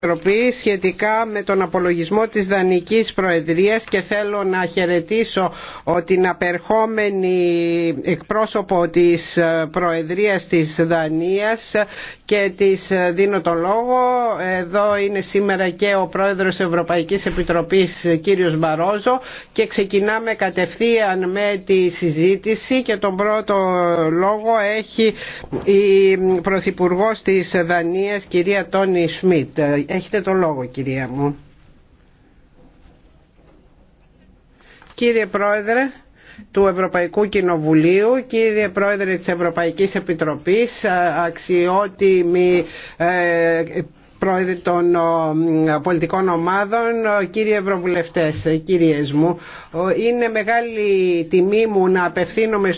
Επιτροπή σχετικά με τον απολογισμό της Δανικής Προεδρίας και θέλω να χαιρετήσω την απερχόμενη εκπρόσωπο της ε, Προεδρίας της Δανίας και της ε, δίνω τον λόγο. Εδώ είναι σήμερα και ο Πρόεδρος Ευρωπαϊκής Επιτροπής ε, κύριος Μπαρόζο και ξεκινάμε κατευθείαν με τη συζήτηση και τον πρώτο λόγο έχει η Πρωθυπουργός της Δανίας κυρία Τόνι Σμιτ Έχετε το λόγο κυρία μου. Κύριε Πρόεδρε του Ευρωπαϊκού Κοινοβουλίου, κύριε Πρόεδρε της Ευρωπαϊκής Επιτροπής, αξιότιμη ε, πρόεδρε των πολιτικών ομάδων, κύριοι ευρωβουλευτές, ε, κυρίες μου. Είναι μεγάλη τιμή μου να απευθύνομαι